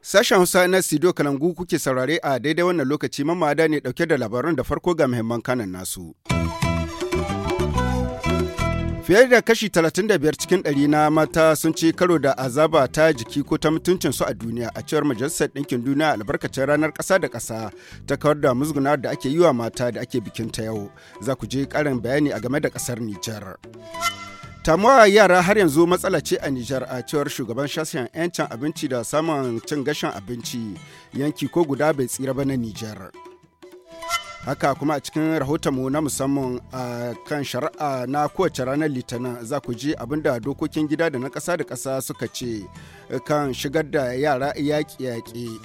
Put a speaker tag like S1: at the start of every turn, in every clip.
S1: Sashen Hausa na studio Kalangu kuke saurare a daidai wannan lokaci mamada ne dauke da labaran da farko ga muhimman kanan nasu. Fiye da kashi 35 cikin ɗari na mata sun ci karo da azaba ta jiki ko ta mutuncin su a duniya a cewar Majalisar Ɗinkin Duniya albarkacin ranar ƙasa da ƙasa ta kawar da musguna da ake yi wa mata da ake bikin ta yau. Za ku je ƙarin bayani a game da ƙasar Nijar. tamuwa yara har yanzu matsala ce a Nijar a cewar shugaban sashen 'yancin abinci da samun cin gashin abinci yanki ko guda bai tsira ba na Nijar. haka kuma a cikin rahotonmu na musamman a kan shari'a na kowace ranar litinin za ku ji abinda dokokin gida da na ƙasa da ƙasa suka ce kan shigar da yara yaƙi-yaƙi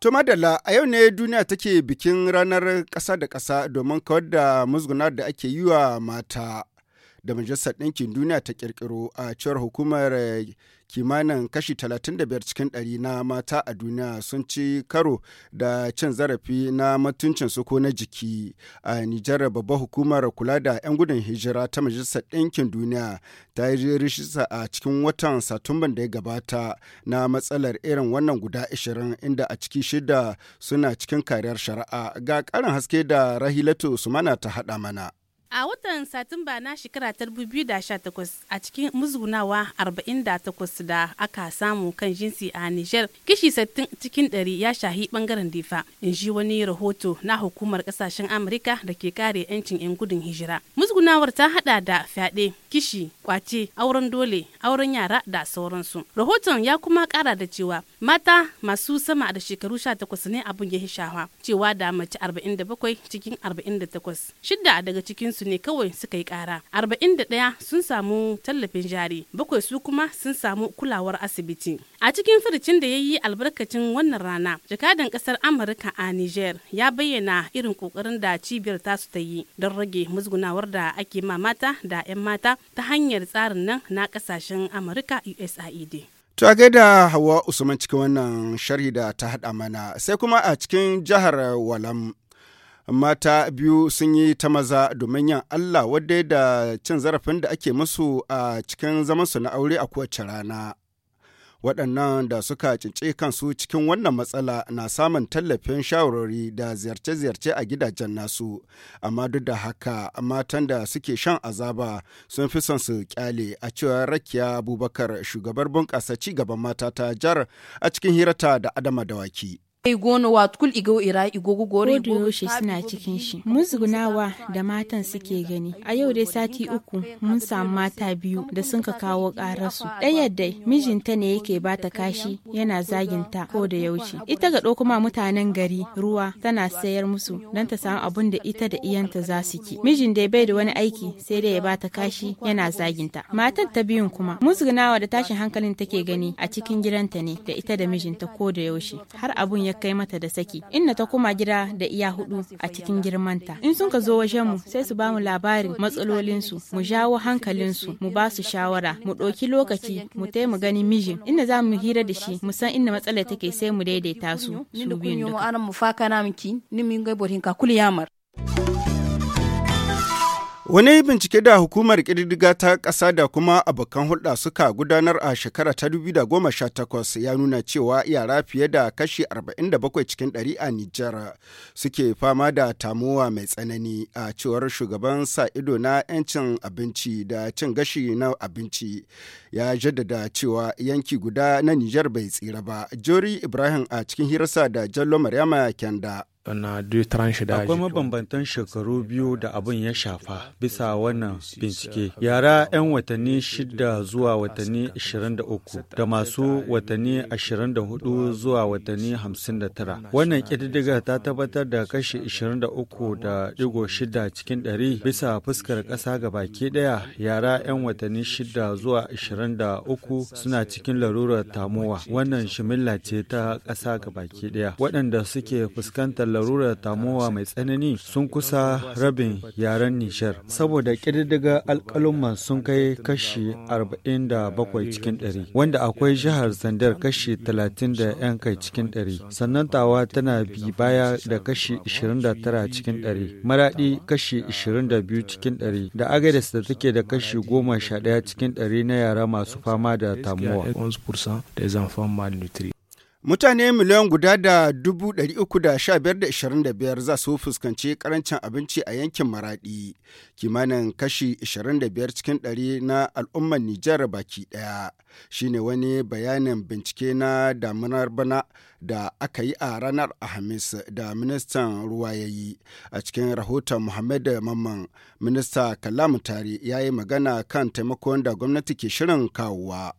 S1: To madalla a yau ne duniya take bikin ranar ƙasa da kasa domin kawar da musguna da ake yi wa mata da Majalisar Ɗinkin Duniya ta ƙirƙiro a cewar hukumar kimanin kashi 35 cikin ɗari na mata a duniya sun ci karo da cin zarafi na mutuncin su ko na jiki a nijar babbar hukumar kula da 'yan gudun hijira ta majalisar ɗinkin duniya ta yi rishisa a cikin watan satumban da ya gabata na matsalar irin wannan guda 20 inda a ciki shida suna cikin kariyar shari'a ga ƙarin haske da rahilatu sumana ta haɗa mana.
S2: A watan Satumba na shekara ta 2018 a cikin muzgunawa 48 da aka samu kan jinsi a Nijar, kishi 60 cikin 100 ya shahi bangaren difa, in ji wani rahoto na hukumar kasashen Amurka da ke kare 'yancin 'yan gudun hijira. Muzgunawar ta hada da fyaɗe, kishi kwace auren dole auren yara da sauransu rahoton ya kuma kara da cewa mata masu sama da shekaru 18 ne abun ya shawa cewa da mace 47 cikin 48 shidda daga cikinsu ne kawai suka yi kara 41 sun samu tallafin jari bakwai su kuma sun samu kulawar asibiti a cikin firicin da ya yi albarkacin wannan rana jakadan kasar amurka a niger ya bayyana irin kokarin da cibiyar tasu ta yi don rage musgunawar da ake ma mata da 'yan mata ta hanyar tsarin nan na kasashen amurka usaid
S1: To a gaida Hawa Usman cikin wannan sharhi da ta hada mana sai kuma a cikin jihar Walam mata biyu sun yi ta maza domin yin Allah wadda da cin zarafin da ake musu a cikin zamansu na aure a kowace rana. waɗannan da suka cince kansu cikin wannan matsala na samun tallafin shawarwari da ziyarce-ziyarce a gidajen nasu amma duk da haka matan da suke shan azaba sun fi son su kyale a cewar rakiya abubakar shugabar bunƙasa ci gaban mata ta jar a cikin hirata da adama dawaki.
S2: gono wa igo ira igo gogore igo yaushe suna cikin shi Muzgunawa da matan suke gani a yau dai sati uku mun samu mata biyu da sun ka kawo ƙararsu. ɗaya dai mijinta ne yake bata kashi yana zaginta ko da yaushe ita ga kuma mutanen gari ruwa tana sayar musu don ta samu abun da ita da iyanta za su ki mijin dai bai da wani aiki sai dai ya bata kashi yana zaginta matar ta biyun kuma Muzgunawa da tashin hankalin take gani a cikin gidanta ne da ita da mijinta ko da yaushe har abun ya kai mata da saki inna ta kuma gida da iya hudu a cikin girmanta in sun ka zo wajen mu sai su ba mu labarin matsalolinsu mu jawo hankalinsu mu ba su shawara mu ɗauki lokaci mu tai mu gani mijin inda za mu hira da shi mu san inda matsalar take sai mu daidaita su su biyun duka
S1: Wani bincike da hukumar ƙididdiga ta ƙasa da kuma abokan hulɗa suka gudanar a shekara ta 2018 ya nuna cewa yara fiye da kashi 47 cikin ɗari a Nijar suke fama da tamuwa mai tsanani a cewar shugaban sa ido na 'yancin abinci da cin gashi na abinci ya jaddada cewa yanki guda na Nijar bai tsira ba. Jori Ibrahim a cikin hirarsa da Jallo Maryama Kenda.
S3: na akwai mabambantan shekaru biyu da abin ya shafa bisa wannan bincike yara 'yan watanni shida zuwa watanni 23 da masu watanni 24 zuwa watanni 59 wannan ƙididdiga ta tabbatar da kashi da digo shida cikin 100 bisa fuskar ƙasa ga baki ɗaya yara 'yan watanni shida zuwa 23 suna cikin larurar tamowa wannan shimilla ce ta ƙasa ga baki ɗaya waɗanda suke fuskantar larurar tamowa mai tsanani sun kusa rabin yaren nishar Saboda ƙididdiga alƙalumman sun kai kashi 47 cikin 100, wanda akwai jihar Zandar kashi 30 da 'yan kai cikin 100. Sannan tawa tana bi baya da kashi 29 cikin 100, maraɗi kashi 22 cikin 100, da agadas da take da kashi 11 cikin 100 na yara masu fama da tamowa.
S1: Mutane miliyan guda da dubu ɗari uku da sha biyar da ishirin da biyar za su fuskanci karancin abinci a yankin Maraɗi, kimanin kashi ishirin da biyar cikin ɗari na al'ummar Nijar baki ɗaya. Shi ne wani bayanin bincike na damunar bana da aka yi a ranar Ahamis da ministan ruwa ya yi. A cikin rahoton Muhammad Mamman, minista Kalamu Tare ya yi magana kan taimakon da gwamnati ke shirin kawowa.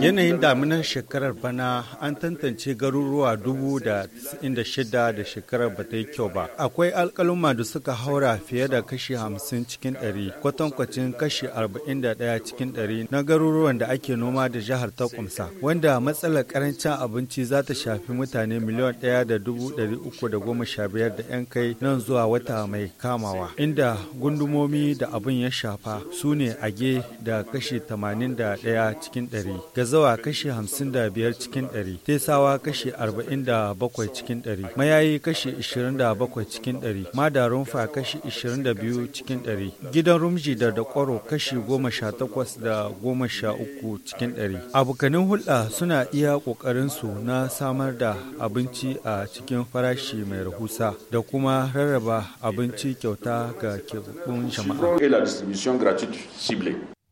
S3: Yanayin daminar shekarar bana an tantance garuruwa dubu da inda shida da shekarar ba ta yi kyau ba. Akwai alkaluma da suka haura fiye da kashi hamsin cikin ɗari, kwatankwacin kashi arba'in da ɗaya cikin ɗari na garuruwan da ake noma da jihar ta kumsa, wanda matsalar karancin abinci za ta shafi mutane miliyan ɗaya da dubu ɗari uku da goma sha biyar da ‘yan kai nan zuwa wata mai kamawa, inda gundumomi da abin ya shafa su ne age da kashi tamanin da ɗaya cikin ɗari, gazawa kashi hamsin da biyar cikin ɗari, tesawa kashi arba'in da bakwai cikin ɗari, mayayi kashi ishirin da bakwai cikin ɗari, rumfa kashi ishirin da biyu cikin ɗari, gidan rumji da da kwaro kashi goma sha takwas da goma sha uku cikin ɗari. Abokanin hulɗa suna iya ƙoƙarinsu na samar da abinci a cikin farashi mai rahusa da kuma rarraba abinci kyauta ga keɓaɓɓun jama'a.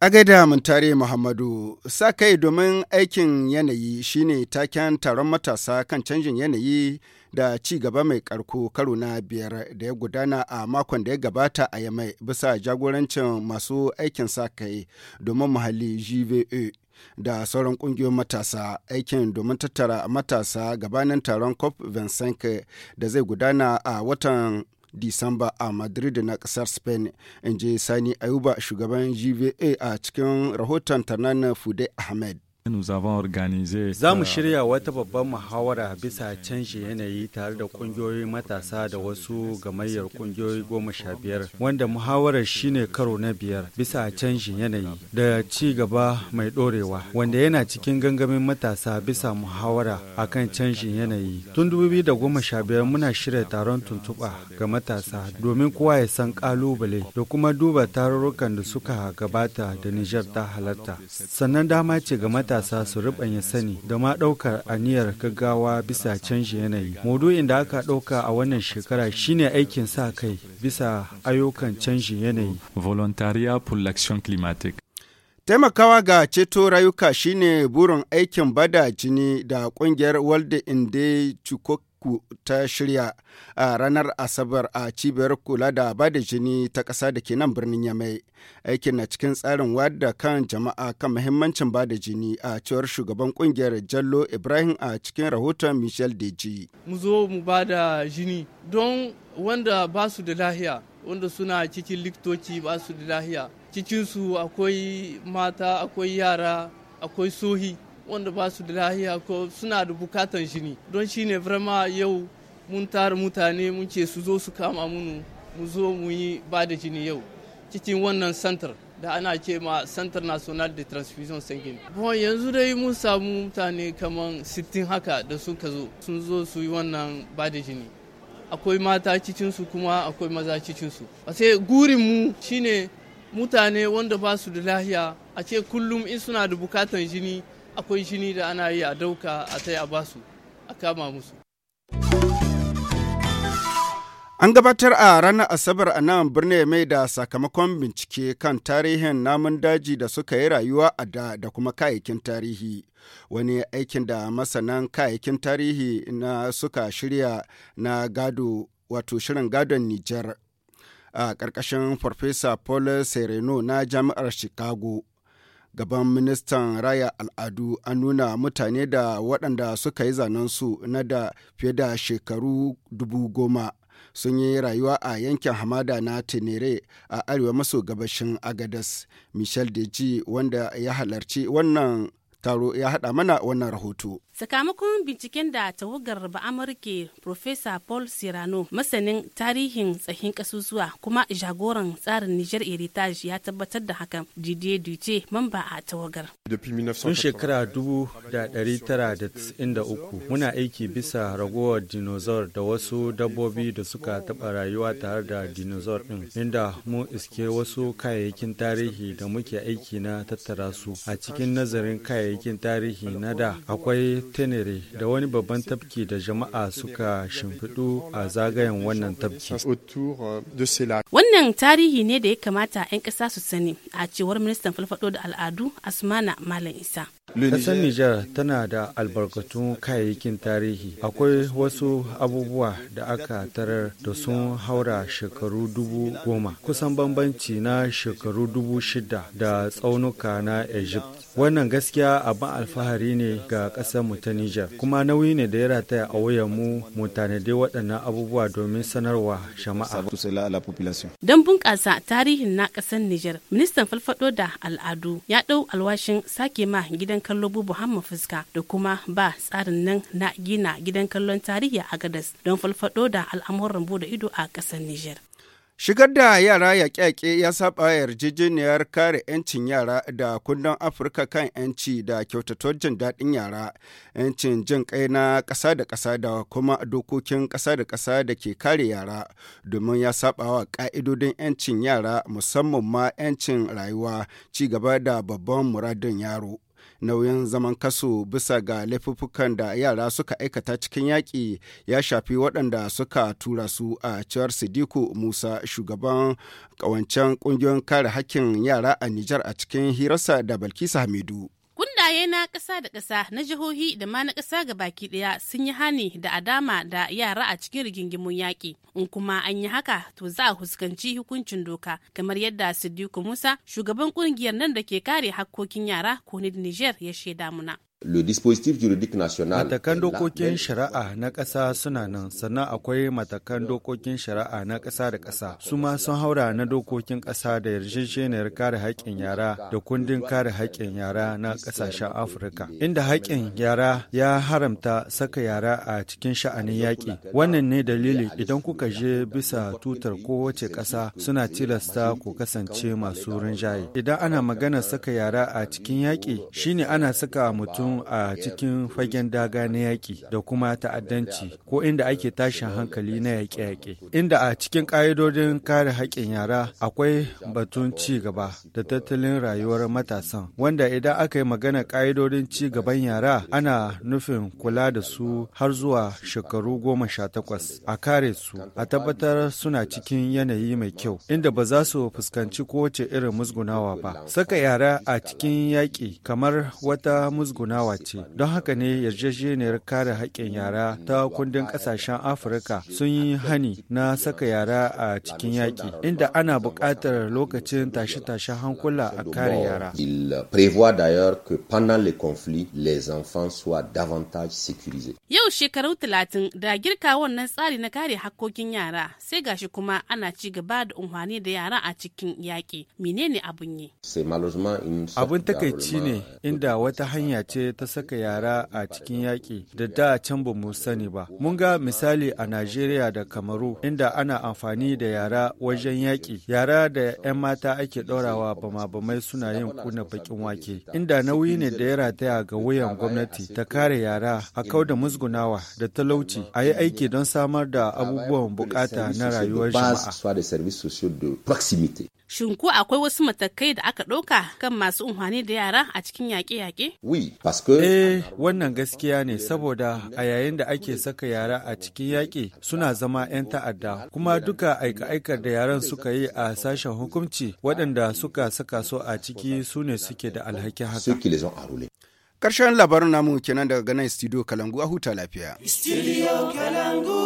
S1: A gaida Muntare Muhammadu, sa kai domin aikin yanayi shine taken taron matasa kan canjin yanayi da ci gaba mai karko karo na biyar da ya gudana a makon da ya gabata a Yamai bisa jagorancin masu aikin sa kai domin muhalli GVA. da sauran kungiyoyin matasa aikin domin tattara matasa gabanin taron cop 25 da zai gudana a watan Disamba a Madrid na ƙasar Spain. In ji Sani Ayuba shugaban GVA a cikin rahoton tanana Fude Ahmed. Za mu
S3: shirya wata babban muhawara bisa canji yanayi tare da ƙungiyoyin matasa da wasu gamayyar kungiyoyi goma sha biyar wanda muhawarar shine karo na biyar bisa canjin yanayi da ci gaba mai dorewa wanda yana cikin gangamin matasa bisa muhawara a kan canjin yanayi. Tun da goma sha biyar muna shirya taron tuntuɓa ga matasa domin kowa ya san kalubale da kuma duba tarurrukan da suka gabata da Nijar ta halarta. Sannan dama ce ga matasa matasa su rubanya sani da ma ɗaukar aniyar gaggawa bisa canji yanayi. Maudu'in da aka ɗauka a wannan shekara shine aikin sa kai bisa ayyukan canji yanayi. volontaria pour l'action climatique.
S1: Taimakawa ga ceto rayuka shine burin aikin bada jini da kungiyar World in Day uku ta shirya a ranar Asabar a cibiyar kula da bada jini ta ƙasa da ke nan birnin Yamai. Aikin na cikin tsarin wadda kan jama'a kan muhimmancin bada jini a cewar shugaban kungiyar Jallo Ibrahim a cikin rahoton Michel Deji.
S4: Mu zo mu bada jini don wanda ba su da lahiya, wanda suna cikin liktoci ba su da lahiya. Cikinsu akwai mata, akwai yara, akwai sohi. wanda ba su da lahiya ko suna da bukatan jini don shi ne vrama yau mun tara mutane mun ce su zo su kama munu mu zo mu yi ba da jini yau cikin wannan santar da ana ce ma santar National de Transfusion Sanguine. Bon yanzu dai mun samu mutane kaman sittin haka da suka zo sun zo su yi wannan ba da jini. Akwai mata cikinsu kuma akwai maza cikinsu. Sai gurin mu shine mutane wanda ba su da lahiya a ce kullum in suna da bukatan jini akwai shini da ana yi a dauka a tai a basu a kama musu
S1: An gabatar a ranar Asabar a nan birnin mai da sakamakon bincike kan tarihin namun daji da suka yi rayuwa a da da kuma kayayyakin tarihi. Wani aikin da masanan kayayyakin tarihi na suka shirya na gado wato shirin gadon Nijar a ƙarƙashin Farfesa Paul Sereno na Jami'ar Chicago. gaban ministan raya al'adu an nuna mutane da waɗanda suka yi zanen su na da fiye da shekaru dubu goma sun yi rayuwa a yankin hamada na tenere a arewa maso gabashin agadas michel deji wanda ya halarci wannan taro ya haɗa mana wannan rahoto.
S2: Sakamakon binciken da tawagar ba Amurka Profesa Paul Sirano masanin tarihin tsahin kasusuwa kuma jagoran tsarin Niger Heritage ya tabbatar da hakan Didier Duce mamba a tawagar.
S3: Tun shekara 1993 muna aiki bisa ragowar dinosaur da wasu dabbobi da suka taba rayuwa tare da dinosaur ɗin inda mu iske wasu kayayyakin tarihi da muke aiki na tattara su a cikin nazarin kayayyakin kayayyakin tarihi na da akwai tenere da wani babban tafki da jama'a suka shimfiɗu a zagayen wannan tafki.
S2: Wannan tarihi ne da ya kamata 'yan ƙasa su sani a cewar ministan falfaɗo da al'adu Asmana Malam Isa. Ƙasar
S3: Nijar tana da albarkatun kayayyakin tarihi. Akwai wasu abubuwa da aka tarar da sun haura shekaru dubu goma, kusan bambanci na shekaru dubu shida da tsaunuka na Egypt. Wannan gaskiya abin alfahari ne ga ƙasar mu ta Nijar, kuma nauyi ne da ya rataya a wayar mu mu dai waɗannan abubuwa domin sanarwa shama'a.
S2: Don bunƙasa tarihin na ƙasar Nijar, ministan falfado da al'adu ya ɗau alwashin sake ma gidan kallo Bubu Hamma fuska da kuma ba tsarin nan na gina gidan kallon tarihi a Gadas don falfado da al'amuran bude ido a ƙasar Nijar.
S1: Shigar da yara yaƙe-yaƙe ya saba yarjejeniyar kare 'yancin yara da kundin Afirka kan 'yanci da kyautatuwar jin daɗin yara, 'yancin jin kai na ƙasa da ƙasa da kuma dokokin ƙasa da ƙasa da ke kare yara, domin ya saba wa ƙa'idodin 'yancin yara musamman ma 'yancin rayuwa ci gaba da babban muradin yaro. nauyin zaman kaso bisa ga laifuffukan da yara suka aikata cikin yaƙi ya shafi waɗanda suka tura su a cewar sidiku musa shugaban ƙawancen ƙungiyoyin kare hakkin yara a nijar a cikin hirarsa da balkisa hamidu
S2: Iyaye na ƙasa da ƙasa na jihohi da ma na ƙasa ga baki ɗaya sun yi hani da adama da yara a cikin rigingimun yaƙi. In kuma an yi haka to za a fuskanci hukuncin doka kamar yadda sidiku Musa shugaban ƙungiyar nan da ke kare hakkokin yara ko ni Niger ya shaida muna.
S1: Matakan dokokin
S3: shari'a na ƙasa suna nan, sannan akwai matakan dokokin shari'a na ƙasa da ƙasa. Su ma sun haura na dokokin ƙasa da yarjejeniyar kare haƙƙin yara da kundin kare haƙƙin yara na ƙasashen Afirka. Inda haƙƙin yara ya haramta saka yara a cikin sha'anin yaƙi. Wannan ne dalili idan kuka je bisa tutar kowace ƙasa suna tilasta ku kasance masu rinjaye. Idan ana magana saka yara a cikin yaƙi, shine ana saka mutum a cikin fagen daga na yaƙi da kuma ta'addanci ko inda ake tashin hankali na yaƙe-yaƙe. Inda a cikin ƙa'idodin kare haƙƙin yara akwai batun ci gaba da tattalin rayuwar matasan wanda idan aka yi magana ƙa'idodin ci gaban yara ana nufin kula da su har zuwa shekaru goma sha takwas a kare su a tabbatar suna cikin yanayi mai kyau inda ba za su fuskanci kowace irin musgunawa ba. Saka yara a cikin yaƙi kamar wata musguna nawa ce. Don haka ne yarjejeniyar kare haƙƙin yara ta kundin ƙasashen Afirka sun yi hani na saka yara a cikin yaƙi, inda ana buƙatar lokacin tashe-tashen hankula
S1: a kare yara. Il que pendant
S2: Yau shekaru talatin da girka wannan tsari na kare hakkokin yara sai gashi kuma ana ci gaba da unhwani da yara a cikin yaƙi. Menene abun yi?
S1: Abun takaici ne
S3: inda wata hanya ce ta saka yara a cikin yaƙi da da can ba mu sani ba. Mun ga misali a Najeriya da Kamaru inda ana amfani da yara wajen yaƙi. Yara da 'yan mata ake ɗorawa bama-bamai suna yin kuna bakin wake. Inda nauyi ne da ya rataya ga wuyan gwamnati ta kare yara a kau da musgunawa da talauci a yi aiki don samar da abubuwan bukata na rayuwar jama'a.
S2: Shin ko akwai wasu matakai da aka ɗauka kan masu unhwani da yara a cikin yaƙe-yaƙe?
S3: Eh, wannan gaskiya ne saboda a yayin da ake saka yara a cikin yaƙi suna zama 'yan ta'adda kuma duka aika-aikar da yaran suka yi a sashen hukunci waɗanda suka saka so a
S1: ciki su ne suke da alhaki haka. karshen labarin namu kenan daga ganin studio Kalangu a huta lafiya.
S2: Studio Kalangu.